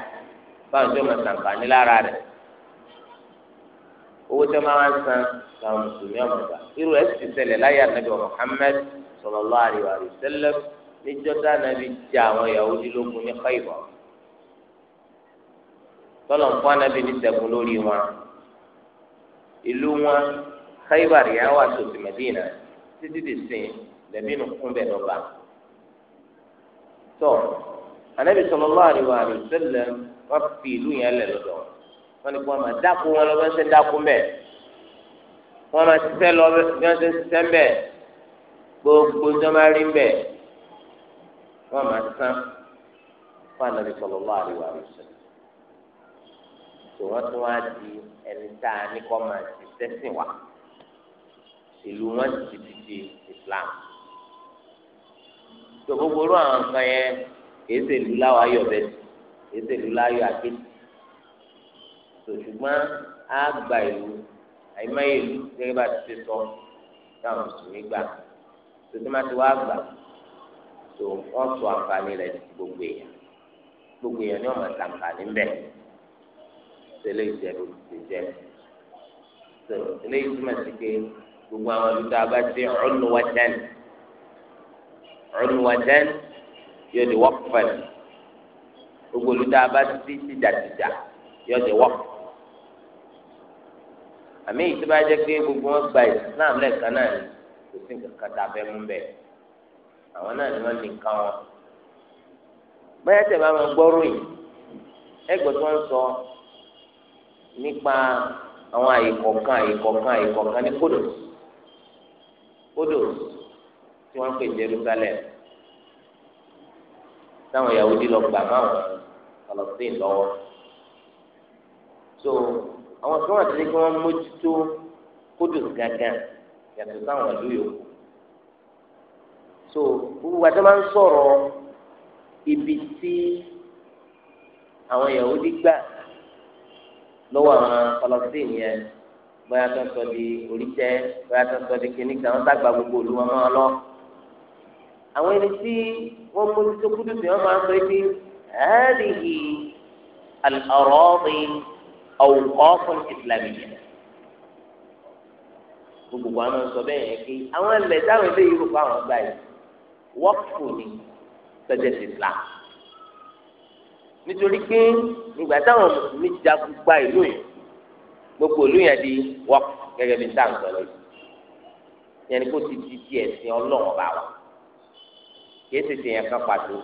Speaker 1: báwo ni tó máa sàn kàní lára rẹ̀ owó tó máa ń san làwọn mùsùlùmí ọmọ irú ẹ̀ sì ṣẹlẹ̀ láyé ànábì Muhammad sallallahu alaihi wa sallam níjọ́ tá nàbí jẹ àwọn Yahudi lógun ní Khaybar tọ́lọ̀ ń fún anábì ní ṣẹ́gun lórí wọn ìlú wọn Khaybar yà wà sòsì Mẹ́dínà títí di sìn lẹ́bí nù fún bẹ́ẹ̀ lọ́ba tọ́ anábì sallallahu alaihi wa sallam wọ́n fi ìlú yẹn lẹ̀ lọ́dọ̀ wọ́n ní kí wọ́n máa dáko wọn lọ́wọ́ ṣe dáko mbẹ́ wọ́n máa ṣiṣẹ́ lọ́wọ́ bí wọ́n ṣe ṣiṣẹ́ mbẹ́ gbogbo jọba rí mbẹ wọn máa sán fún anabi sallallahu alaihi wasallam tó wọn tún wá di ẹni tá a ní kọ́ máa ti sẹ́sìn wá ìlú wọn ti ti di islam tó gbogbo orú àwọn nǹkan yẹn kìí ṣe ìlú láwọn ayọ̀ bẹ́ẹ̀ kìí ṣe ìlú láyọ̀ àkéjì tó ṣùgbọ́n á gba ìlú àyè máa yẹ ìlú gẹ́gẹ́ bá ti ṣe sọ táwọn mùsùlùmí gbà tòtòmá ti wá gbà tó wọn sọ àǹfààní rẹ ti gbogbo èèyàn gbogbo èèyàn ni wọn máa ta àǹfààní ń bẹ tẹ́lẹ̀ ìjẹbù ti jẹ tó eléyìí túmọ̀ sí pé gbogbo àwọn olùdó abá ti ọ̀nùwàdán ọ̀nùwàdán yóò di wọ́pẹ̀ gbogbo olùdó abá ti tìjàtìjà yóò di wọ́pẹ̀ àmì ìtúbàjẹ́ pé gbogbo wọn gba ìsìlámù lẹ́ẹ̀kan náà ni kò sí nǹkan kan tá a fẹ́ mú bẹ́ẹ̀ àwọn náà ni wọ́n ní nǹkan wọn. báyà tẹ̀ máa ma gbọ́rò yìí ẹgbẹ́ tó ń sọ nípa àwọn àyè kọ̀ọ̀kan àyè kọ̀ọ̀kan àyè kọ̀ọ̀kan ní kódò kódò tí wọ́n ń pè Jerusalem táwọn Yahudi lọ gbà máwọn Palestine lọ́wọ́ so àwọn kan wà tí wọ́n mójútó kódò gángan yàtọ̀ sáwọn ìlú yòókù so gbogbo àti máa ń sọ̀rọ̀ ibi tí àwọn Yahudi gbà lọ́wọ́ àwọn Palestine yẹn bóyá tó ń sọ di oríṣẹ́ bóyá tó ń sọ di kínní kan wọ́n dàgbà gbogbo òlu wọn máa lọ. àwọn ẹni tí wọ́n mójú tó kúndùn sí wọn máa ń sọ pé hadihi al-aradi awqaf al-islamiyya yẹn gbogbo àwọn náà sọ bẹ́ẹ̀ yẹn kí àwọn ilẹ̀ táwọn ilé yìí rò pé àwọn gbà yìí wọ́pù ni sọ́jẹ́ ti là nítorí pé ìgbà táwọn mùsùlùmí jagun gba ìlú yìí gbogbo ìlú yẹn di wọ́pù gẹ́gẹ́ bí táwọn sọ lọ́yìn yẹn ni kó ti di ti ẹ̀sìn ọlọ́run bá wa kì í ṣèṣe yẹn kan pàtó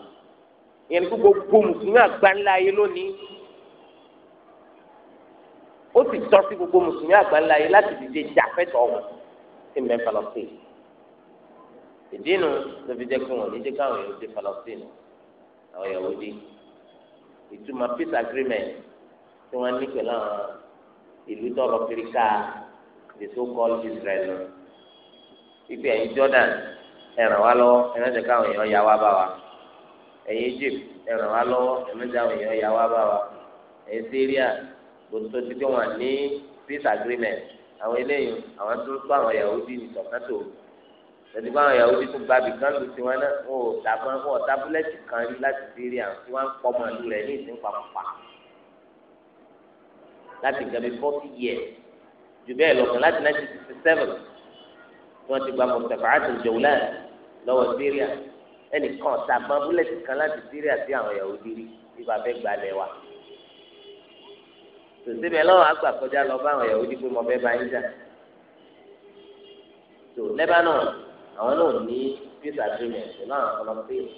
Speaker 1: yẹn kó gbogbo mùsùlùmí àgbáńlá yìí lónìí ó sì tọ́ sí gbogbo mùsùlùmí àgbáńlá yìí láti dìde jàfẹ́tọ̀ wọn tí ń bẹ Palestine ìdí nu tó fi jẹ́ pé wọ́n ní jẹ́ káwọn èèyàn ti Palestine àwọn Yahudi ìtumọ̀ peace agreement tí wọ́n ní pẹ̀lú àwọn ìlú tọrọ kiri the so called Israel nù ìgbẹ́ ẹ̀yin Jordan ẹ̀ràn wá lọ́wọ́ ẹ̀mẹ́jẹ̀ káwọn èèyàn yà wá bá wa ẹ̀yin Egypt ẹ̀ràn wá lọ́wọ́ ẹ̀mẹ́jẹ̀ káwọn èèyàn yà wá bá wa ẹ̀yin Syria gbòtò tó ti pé wọ́n ní peace agreement àwọn eléyìí àwọn tó bá àwọn Yahudi ní tọkátò tẹ̀sí bá àwọn Yahudi tó gbabi kan lù tiwọn náà wọn ò dàbọn wọn ò tábúlẹ́tì kan rí láti sírí àwọn tí wọ́n ń pọ́ màlúù rẹ̀ ní ìsìn pàpà láti gàbí forty years jù bẹ́ẹ̀ lọ́kàn láti nineteen sixty seven tí wọ́n ti gba mọ̀tàfà àti ìjọ̀wọ́lá lọ́wọ́ síríà ẹnìkan ọ̀tàgbọ́n búlẹ́tì kan láti síríà sí àwọn Yahudi rí tòsíbẹ̀ lọ́wọ́ àgbà kọjá lọ bá àwọn Yahudi pé mo fẹ́ bá yín jà tó Lebanon àwọn náà ní peace agreement pẹ̀lú àwọn Palestine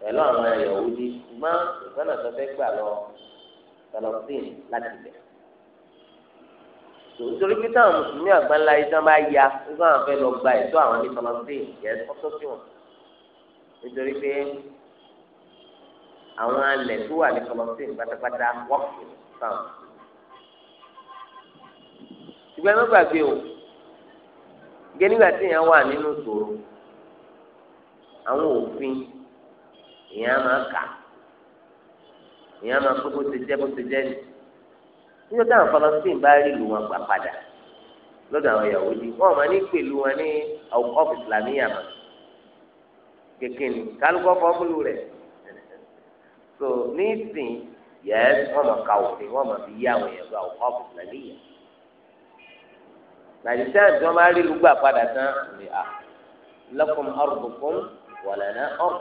Speaker 1: pẹ̀lú àwọn Yahudi ṣùgbọ́n ìgbọ́nà tó fẹ́ gbà lọ Palestine láti bẹ̀ tó nítorí pé táwọn mùsùlùmí àgbáńlá yìí tán bá ya nígbà wọn fẹ́ lọ gba ẹ̀tọ́ àwọn ní Palestine yẹ kọ́tọ́ sí wọn nítorí pé àwọn alẹ̀ tó wà ní Palestine pátápátá wọ́pù fáwọn ṣùgbọ́n ẹ má gbàgbé o gé nígbà tí èèyàn wà nínú ìṣòro àwọn òfin èèyàn máa kà èèyàn máa kó bó ti jẹ́ bó ti jẹ́ ni nígbà táwọn Falastin bá rí ìlú wọn gbà padà lọ́dọ̀ àwọn Yahudi wọn máa ní pẹ̀lú wọn ní kékeré ni so ní ìsìn wọ́n máa ka òfin wọ́n máa fi yí àwọn èèyàn nàìjíríà tí wọn bá rí lùgbà padà tán ní à lakum ardukum wa lana ard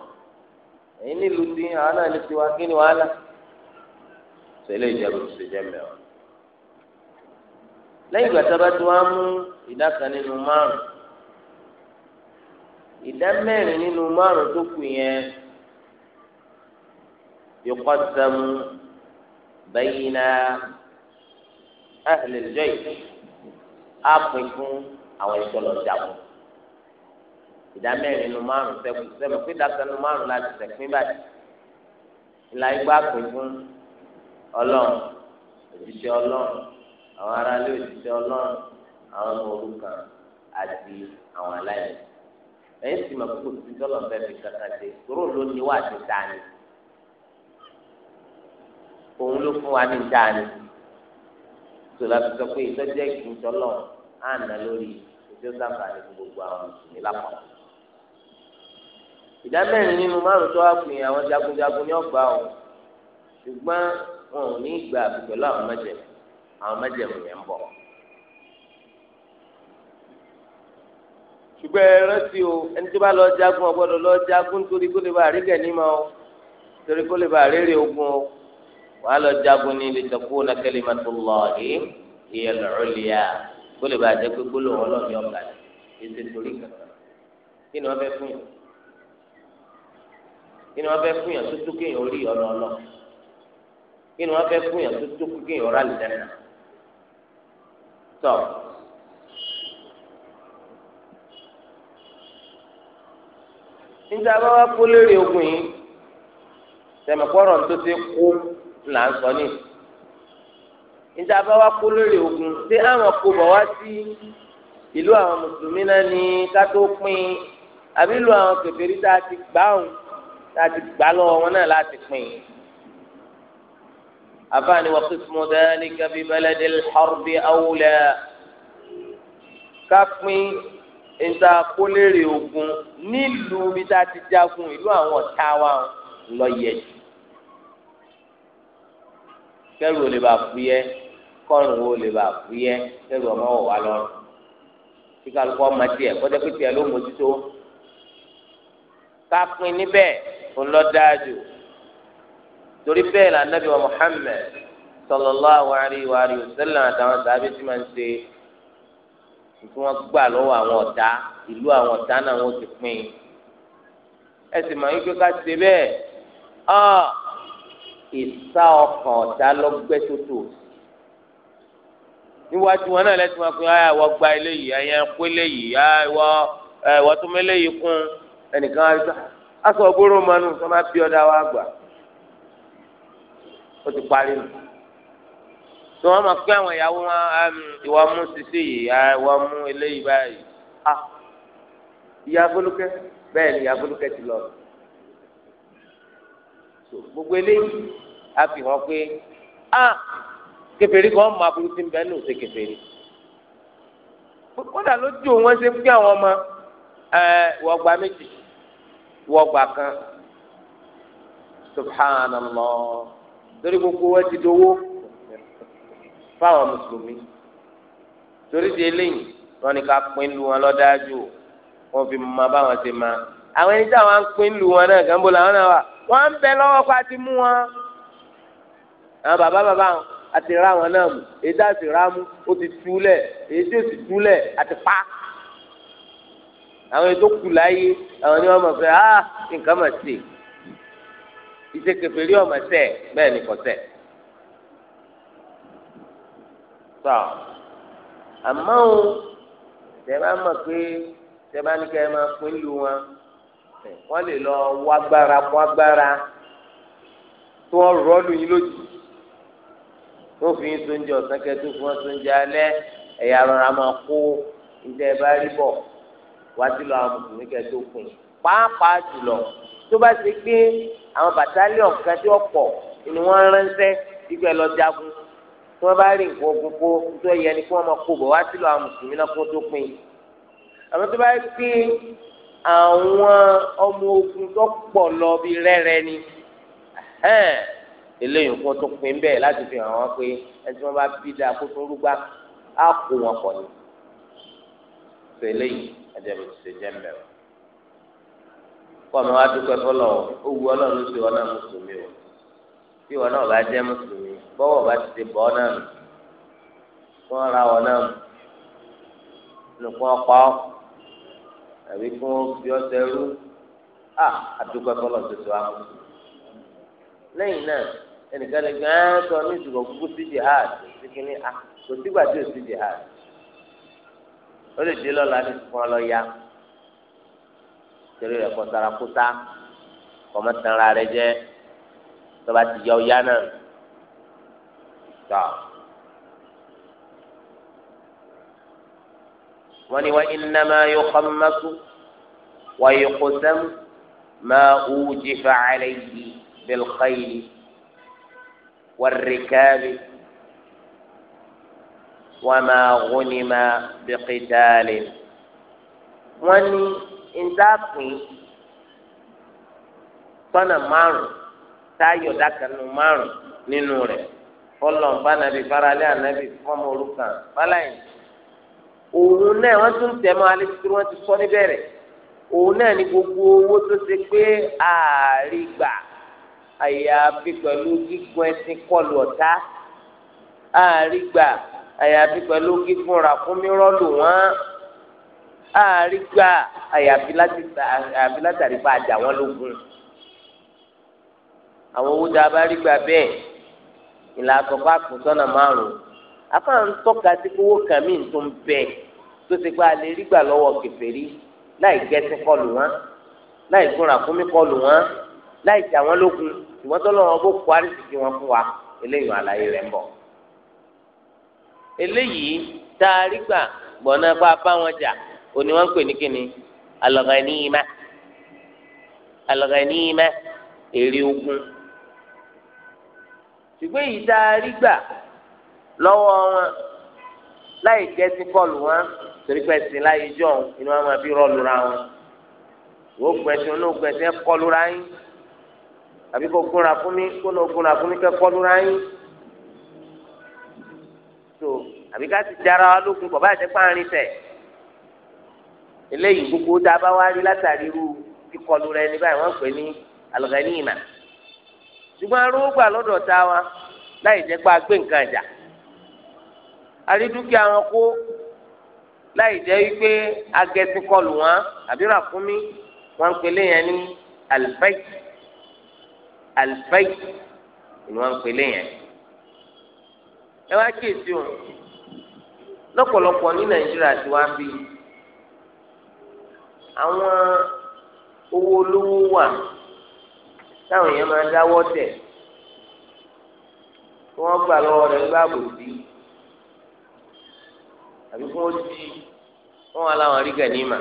Speaker 1: ẹ̀yin nílùú tí àwọn náà ní tiwa kí ni wàhálà tẹ́lẹ̀ ìjẹun tó ṣe jẹ mẹ́wàá lẹ́yìn ìgbà tí bá ti wá mú ìdá kan nínú márùn ìdá mẹ́rin nínú márùn tó kù yẹn yuqassam bayna ahlil jaysh. A pín fún àwọn ẹjọ́ lọ jàpọ̀ ìdá mẹ́rin nu márùn sẹ́kù sẹ́mu pé ìdá kan nu márùn láti sẹ́kùn báyìí ìlà igbá pín fún ọlọ́run òṣìṣẹ́ ọlọ́run àwọn aráalé òṣìṣẹ́ ọlọ́run àwọn ọmọ òrukàn àti àwọn aláìní ẹ̀yìn sì mọ̀ kókò tí tọ́lọ̀ fẹ́ fi kankan dé kúrò lónìí wà ní dání òun ló fún wa ní dání tòlá fi sọ pé ìtọ́jú ẹ̀kí ń á nà lórí ìdí ó sábà ní gbogbo àwọn mùsùlùmí lápapọ̀. ìdá mẹ́rin nínú márùn tó wá pin àwọn jagunjagun ní ọgbà ọ̀ ṣùgbọ́n wọn ò ní gbà pẹ̀lú àwọn mẹ́jẹ̀mú àwọn mẹ́jẹ̀mú yẹn ń bọ̀. ṣùgbọ́n ẹ rántí o ẹni tí bá lọ jagun ọgbọ́dọ̀ lọ jagun torí kó lè bá àríkẹ́ ní ma o torí kó lè bá àrẹ́rẹ́ ogun o wàá lọ jagun ní lè tẹ̀kú kó lè bàa jẹ pé gbólóhùn ọlọ́ọ̀ni ọ̀gá yìí ṣe torí kankan kí ni wọ́n fẹ́ fún yàn kí ni wọ́n fẹ́ fún yàn tó tó kéèyàn orí ọ̀nà ọlọ́ kí ni wọ́n fẹ́ fún yàn tó tó kéèyàn ọ̀rá lìdánná tọ́ níta bá wá kó lérè ogun yìí tẹ̀mẹ̀kọ́rọ̀ tó ti kú là ń sọ nìyí níta bá wá kó lórí ogun ṣé àwọn kó bọ̀ wá sí ìlú àwọn mùsùlùmí náà ní ká tó pín àbí ìlú àwọn kèfèrí tá a ti gbà òun tá a ti gbà lọ́wọ́ wọn náà láti pín. àfààní wa qismu dhalika bi baladil harbi awla ká pín níta kó lórí ogun nílùú bí tá a ti jagun ìlú àwọn ọ̀tá wa lọ yẹ kẹrù ò lè bá fúyẹ́ kọrùn wo lè bá fúyẹ́ kẹrù ọmọ wò wá lọ́rùn kí kálukú ọmọ tiẹ̀ kọjá pé tiẹ̀ ló mójútó kápin níbẹ̀ ńlọdáàjò torí bẹ́ẹ̀ là nàbí wa Muhammad sallallahu alaihi wa alihi wasallam àtàwọn sàbẹ tí máa ń ṣe tí wọn gbà lọ́wọ́ àwọn ọ̀tá ìlú àwọn ọ̀tá náà wọn ti pín ẹ sì máa ń gbé ká ṣe bẹ́ẹ̀ ọ ah! ìsá ọkàn ọ̀tá lọgbẹ tó tòsí níwájú wọn náà lẹ́tí wọn pé ayé àwọ̀ gba eléyìí ayé ẹ̀kú eléyìí àwọ̀ ẹ̀wọ̀ tó mẹ́lẹ́yìí kún ẹnìkan àti aṣọ ògbóró mọ́nù tó má bí ọ̀dà wa gbà ó ti parí nù tí wọ́n máa pé àwọn ìyàwó wọn um, ìwà mú sisi yìí ìwà mú eléyìí báyìí ah ìyá Folúkẹ́ bẹ́ẹ̀ ni ìyá Folúkẹ́ ti lọ gbogbo eléyìí á fi hàn pé ah kèfèrí kan mọ aburú tí ń bẹ nù sí kèfèrí kódà lójú wọn ṣe ń pín àwọn ọmọ ẹ wọgbà méjì wọgbà kan subhanallah torí gbogbo wọn ti dowó fáwọn mùsùlùmí torí di eléyìí wọn ni ká pín lu wọn lọ́dájú wọn fi mọ báwọn ṣe máa àwọn ẹni tí àwọn pín lu wọn náà gánbó làwọn náà wà wọn ń bẹ lọ́wọ́ pa ti mú wọn àwọn bàbá bàbá wọn àti ra àwọn náà mú èyí tá a sì ra mú ó ti túlẹ̀ èyí tí ó sì túlẹ̀ àti pa àwọn ètò kù láyé àwọn ni wọn mọ̀ pé ah nǹkan mọ̀ sí ìṣèkèfèrí ọmọ sẹ bẹ́ẹ̀ ni kò sẹ. sọ àmọ́ o tẹ̀bá mọ̀ pé tẹ̀bá ní kẹ́ máa pín lu wọn wọ́n lè lọ wá agbára mú agbára tó wọ́n yín lójijì tó fi ń sóúnjẹ ọ̀sán kẹtó fún wọn sóúnjẹ alẹ́ ẹ̀yà rọra máa kó ìdẹ́ bá rí bọ̀ wá sí lọ àwọn mùsùlùmí kẹtó pin pàápàá jùlọ tó bá ti gbé àwọn bàtálíọ̀n kan tí wọ́n pọ̀ ni wọ́n ránṣẹ́ ìgbẹ́ lọ jagun tí wọ́n bá rí nǹkan ogun kó tó yẹ ni kí wọ́n máa kó bọ̀ wá sí lọ àwọn mùsùlùmí náà kó tó pin àmọ́ tó bá gbé àwọn ọmọ ogun tó pọ̀ lọ bí rẹ́rẹ́ ni eléyìí kó tó pin bẹ́ẹ̀ láti fi hàn wọ́n pé ẹni tí wọ́n bá bí dáa kó tó rúgbà á kó wọn pọ̀ ní. sọ eléyìí ajẹ́bù ti ṣe jẹ́ mẹ́rọ. kọ́ mi wá dúpẹ́ fọlọ́ ó wu ọlọ́run sí ọ náà mùsùlùmí o tí ìwọ náà bá jẹ́ mùsùlùmí bọ́wọ́ bá ti ṣe bọ́ náà kí wọ́n ra ọ náà nù kí àbí kí wọ́n fi ọ́ sẹ́rú àdúpẹ́ fọlọ́ tuntun á mùsùlùmí lẹ́yìn náà ẹnìkan lè gbọ́n sọ ní ìsìnkú gbogbo sí jihad sí kínní a kò sígbà tí ò sí jihad ó lè dé lọ́la ní ìsìnkú ọlọ́ya torí rẹ̀ kọ́ sarakuta kọ́ mọ́ tanra rẹ jẹ́ tọ́ba ti yọ ọya náà tọ́. wọ́n ní wọ́n iná máa yọ kọ́mọ́sù wọ́n yọ kó sẹ́mu máa wú jìfà àlẹ́ yìí bẹ́ẹ̀ lọ́kọ́ yìí. والركاب وما غنم بقتال wọ́n ní ìdápín tọ́nà márùn táyọ̀ dákanu márùn nínú rẹ̀ fọlọ́n bánabi faralẹ́ ànábi fọ́mọ olùkàn báláyìn òun náà wọ́n tún tẹ̀ mọ́ alẹ́ tí wọ́n ti sọ níbẹ̀rẹ̀ òun náà ní gbogbo owó tó ṣe pé àárí gbà àyàfi pẹ̀lú gígùn ẹṣin kọlù ọ̀tá àárígbà àyàfi pẹ̀lú gígùn ràkúnmí rọ́lù wọ́n àárígbà àyàfi látàrí bá àjà wọn lógun àwọn owó tá a bá rí gbà bẹ́ẹ̀ ìlànà àkọ́kọ́ àkùnsọ́nà márùn-ún afáàn tọ́ka sí kówó kàmí tó ń bẹ tó ti gba àlè rí gbà lọ́wọ́ kèfèrí láì gẹ́sìn kọlù wọn láì gúnra fún mi kọlù wọn láì tí àwọn lókun ṣùgbọ́n tó lọ́wọ́ bó kó àrísìkí wọn fún wa eléyìí àlàyé rẹ̀ ń bọ̀. eléyìí tá a rí gbà gbọ̀nà bá a bá wọn jà òní wọn pè ní kíni al-ghanima al-ghanima èrè ogun ṣùgbọ́n èyí tá a rí gbà lọ́wọ́ wọn láì jẹ́ sí kọlù wọn torí pé ẹ̀sìn láyé jọ̀ọ́ inú wọn máa fi rọ́ọ̀lù ra wọn ìwọ́n gbẹ̀sìn olóògbẹ̀sìn kọlù ra yín àbí kò gúnra fún mi kó lọ gúnra fún mi kẹ́kọ́ lóra yín tó àbí ká ti jara wa lókun bàbá àti pàrin tẹ̀ eléyìí gbogbo tá a bá wá rí látàrí irú kíkọlù rẹ ní báyìí wọ́n pè ní alghanima ṣùgbọ́n arówó gbà lọ́dọ̀ tá a wa láì jẹ́ pé a gbé nǹkan jà àrí dúkìá wọn kó láì jẹ́ wípé agẹ́sìn kọlù wọn àbí rà fún pè léyìn ní albayt alifai ni wọn ń pè léyìn ẹ wá kíyèsí o
Speaker 2: lọ́pọ̀lọpọ̀ ní nàìjíríà
Speaker 1: tí wàá bí àwọn owó olówó wà táwọn èèyàn máa dáwọ́ tẹ̀ kí wọ́n gbà lọ́wọ́ rẹ̀ nígbà bò sí àbí kí wọ́n di wọ́n wà láwọn rí gànímà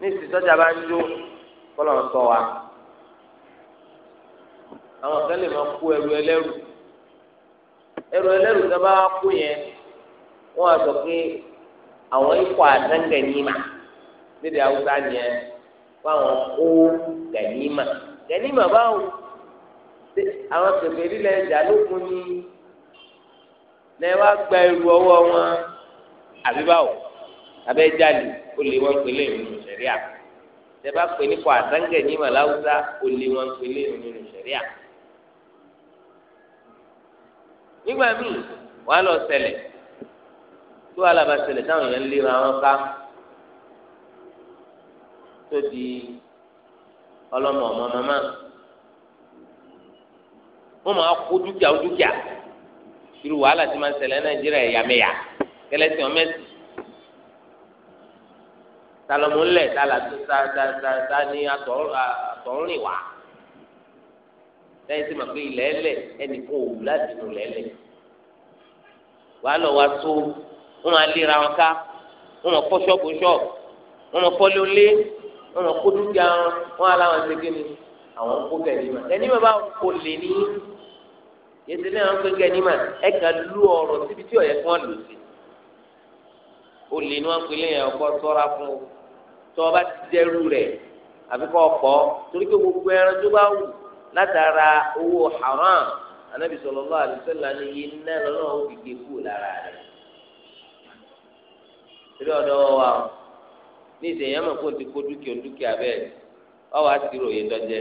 Speaker 1: ní ìsìtọ́jà bá ń dó kọ́lọ̀ ń sọ wa àwọn kan lè máa kó ẹrù ẹlẹ́rù ẹrù ẹlẹ́rù tó bá kó yẹn wọ́n á sọ pé àwọn ikọ̀ àdángẹ̀nyìmà lédè haúsá yẹn fáwọn ó gẹ̀nyìmà gẹ̀nyìmà báwo àwọn kẹfẹ́ lílẹ̀ ẹ̀dá lókun ní lẹ́wọ́ gba ẹrù ọwọ́ wọn àbí báwo abẹ́jáde ó lè wọ́n pélé ìlú sẹ̀ríà tẹ́bá pè ní kọ́ àtàǹgẹ̀ ní màláwùsá olè wọn pè lé nínú sẹ̀ríà. nígbà míì wàá lọ ṣẹlẹ̀ tó alaba ṣẹlẹ̀ táwọn èèyàn lé wọn ká tó di ọlọ́mọ ọmọ màmá wọ́n máa kó dúkìá dúkìá irú wàhálà tí máa ń ṣẹlẹ̀ nàìjíríà ẹ̀yàmẹ̀yà kẹlẹ́sìn ọmọ talọmọlẹ tala tó ta ta ta ta ní àtọ̀rìn wá lẹ́yìn tí ma pé ilẹ̀ ẹlẹ̀ ẹnì kan òwú láti nù lẹ́lẹ̀ wàá lọ wá tó wọn máa léra wọn ká wọn máa kọ́ ṣọ́ọ̀bù ṣọ́ọ̀bù wọn máa kọ́ lólé wọn máa kó dúkìá wọn wọn aláwọn ṣe kí ni àwọn kó gẹ̀ẹ́nì mà ẹni bàbá kò lè ní yẹtí náà ń pè gẹ̀ẹ́nì mà ẹ kà lu ọ̀rọ̀ síbi tí ọ̀yẹ́ fún ọ lò sí olè ni wọn pè lẹ́yìn ọkọ ṣọ́ra fún o. t'ọba o bá ti dẹrù rẹ̀ àfi kọ́ ọ̀pọ̀ torí pé gbogbo ẹran tó bá wù látara owó haram anabi sallallahu alaihi wasallam ni yìí náà lọ́nà ó fi lára rẹ̀ torí wa ní kó ti kó dúkìá dúkìá ọlọ ọyọ padà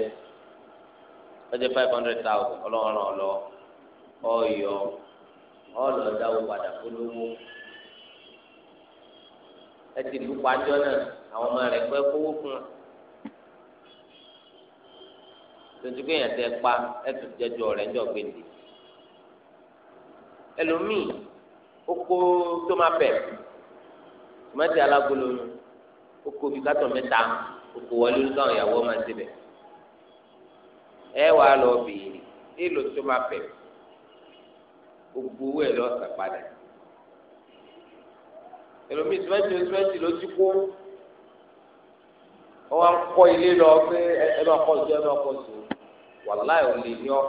Speaker 1: ẹ ti ajọ náà àwọn ọmọ rẹ̀ pẹ́ kówó fún un tuntun pé yẹn tẹ pa ẹtù jẹjọ rẹ̀ ńjọ gbèndé ẹlòmíì ó kó tọ́mà pẹ̀ tòmátì alágolo ó kó bí kátó mẹ́ta ó kó wọlé lókàwọn ìyàwó máa ti bẹ̀ ẹ wà lọ bèèrè èlò tọ́mà pẹ̀ gbogbo owó ẹ̀ lọ́sàn padà ẹlòmíì tòmátì tòmátì ló ti kó wọ́n wá ń kọ́ ilé lọ pé ẹ lọ kọ́ ìjọ ẹ lọ kọ́ sùn wàhálà ò lè ní ọ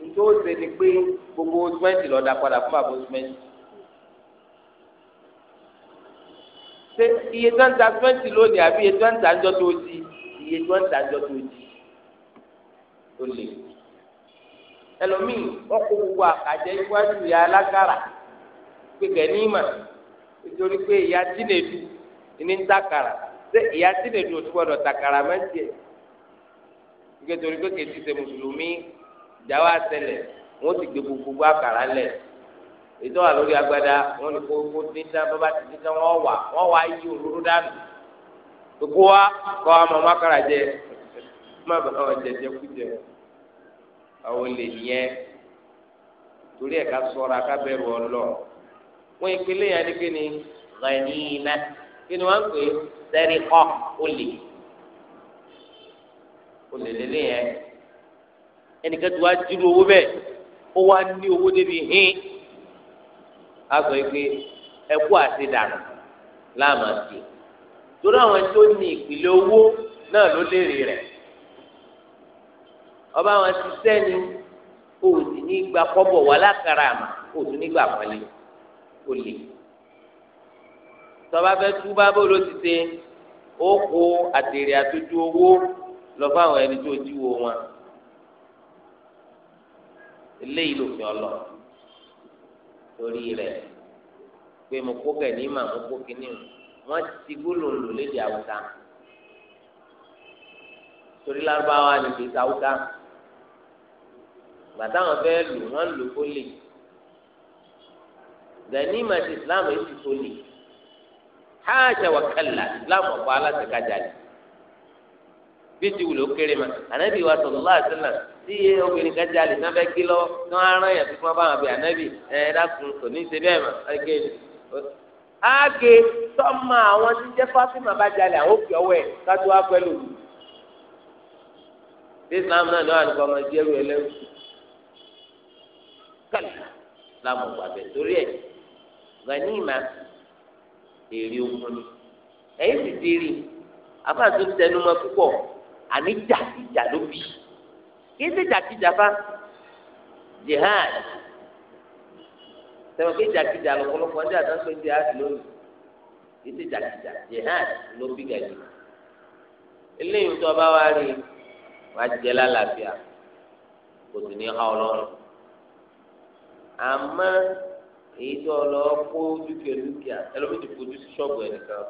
Speaker 1: nítorí ó ṣe ni pé gbogbo sìmẹ́ǹtì lọ́ọ́ da padà fún bàbá sìmẹ́ǹtì. ṣé iye tí wọ́n ń ta sìmẹ́ǹtì lónìí àbí iye tí wọ́n ń ta ńjọ́ tó di iye tí wọ́n ń ta ńjọ́ tó di ó lè. ẹlòmíì wọ́n kó gbogbo àkàjẹ́ iwájú ìyá alágàrà pé kẹ́ni mà nítorí pé ìyá tínèdù ní ṣé ìyá tí lè dùn ó ti gbọ́dọ̀ takara mẹsì ẹ ike torí pé kìí ti ṣe mùsùlùmí ìjà wa ṣẹlẹ̀ wọn ti gbé gbogbo àkàrà lẹ ètò wà lórí agbada wọn ni kó kó dídá bàbá ti dídá wọn wà wọn wà yí òróró dànù gbogbo wa kọ àmọ́ makara jẹ má bàbá wọn jẹjẹ kú jẹ àwọn olè nìyẹn torí ẹ ká ṣọ́ra ká bẹ̀rù ọ lọ wọn ìpínlẹ̀ yẹn ni kí ni ghanima kí ni wọn pè é sẹ́rí kọ́ olè olè lélẹ̀ yẹn ẹnìkan tó wá dúró owó bẹ́ẹ̀ ó wá ní owó débi hín á sọ pé ẹkú àti dànù láàmà sí torí àwọn tó ní ìpìlẹ̀ owó náà ló léèrè rẹ̀ ọba àwọn ti sẹ́ni o ò ní gba kọ́bọ̀ wà lákàrà àmà o ò sì ní gba àpọ́nlé olè tọba fẹ́ túbá bó ló ti ṣe ó kó àtèrè àtòjú owó lọ fáwọn ẹni tó jí wo wọn eléyìí lòfin ọlọ torí rẹ̀ pé mo kó kẹ ní mà mo kó kíní wọn ti gbólóńlò lédè àwùjá torí lárúbáwá ni kì í sa gbàtà wọn fẹ́ lò wọn lò kó lè gani ma ti islam èyí ti kó lè. haasha wa kalla láàmú ọ̀pọ̀ alásèkájàlè bí ti wùlò kéré ma anabi wa sallallahu alaihi wasallam obìnrin ní í ṣe bẹ́ẹ̀ mà ẹ̀gẹ́ ni. áàgé tọ́mọ àwọn tí jẹ́ fásitì bá àwọn òkè ọwọ́ ẹ̀ kájú islam náà ní èrè ogun ni ẹ̀yìn sì ti rí abáàtú tẹnumọ́ púpọ̀ àní jàkìjà ló bí kìí ṣe jàkìjà bá jihad sẹ́wọ̀n kìí jàkìjà lọ́pọ̀lọpọ̀ ọjọ́ àtàkùn jihad lónìí kìí ṣe jàkìjà jihad ló bí gàdí eléyìí tó bá wá rí wá jẹ lálàáfíà kò sì ní ha ọlọ́run èyí tó lọ kó dúkìá dúkìá ẹlòmíì ti fojú sí ṣọ́ọ̀bù ẹnìkan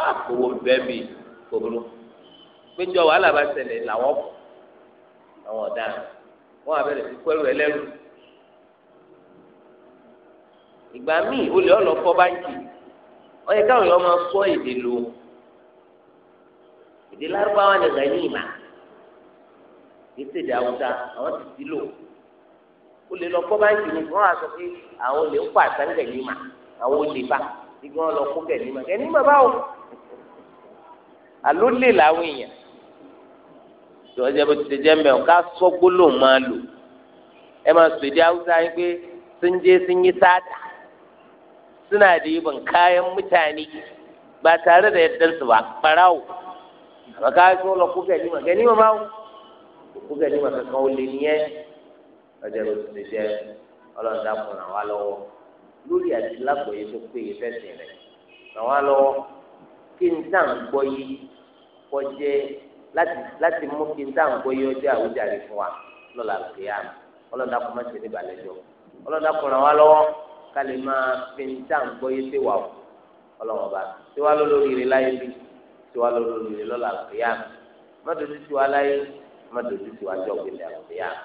Speaker 1: á owó bẹ́ẹ̀ mi kò burú péjọ wàhálà bá ṣẹlẹ̀ làwọn àwọn ọ̀daràn wọn abẹ́rẹ́ sí pẹ́rù ẹlẹ́rù ìgbà míì olè ọ̀lọ́ fọ́ báńkì ó yẹ káwọn èèyàn máa fọ́ èdè lò èdè lárúbáwá ni ghanima ètè ìdè àwùjá àwọn ti ti lò o lè lọ kọ́ báyìí ní kí wọ́n á sọ pé àwọn olè ń pa àtàǹgẹ̀ ní ma àwọn olè bá kí wọ́n lọ kó kẹ̀ ní ma kẹ́ ní ma báwo àló lè làwọn èèyàn tó ọjọ́ bó ti ṣe jẹ́ mbẹ́ ká sọ gbólóhùn máa lò ẹ máa sọ èdè haúsá yín pé síńjẹ́ sínyí sáàdà suna da yibin kayan mutane ba tare da yardansu ba ɓarawo ba lọ kó kẹ́ ní ma kẹ́ ní ma báwo kó kẹ́ ní ma kankan ó lè ní yẹn lọ́jọ́ ló ti jẹ́ ọlọ́run dákun ràn wá lọ́wọ́ lórí àti lágbòye tó péye fẹ̀sìn rẹ̀ ràn wá lọ́wọ́ kí n dá ń gbọ́ yìí kọjẹ́ láti mú kí n dá ń gbọ́ yìí ọjọ́ àwùjáde fún wa lọ́la kéèyàn ọlọ́run dákun má ṣe ní ìbàlẹ̀ jọ ọlọ́run dákun ràn wá lọ́wọ́ ká lè máa fi ń dá ń gbọ́ yìí sí wa ọlọ́run ọba tí wàá lórí rẹ̀ láyé bí tí wàá lórí rẹ̀ lọ́la kéèyàn mọ́tò títí wa láyé mọ́tò títí wa jọ́ gbẹ̀lẹ̀ àwùjáde.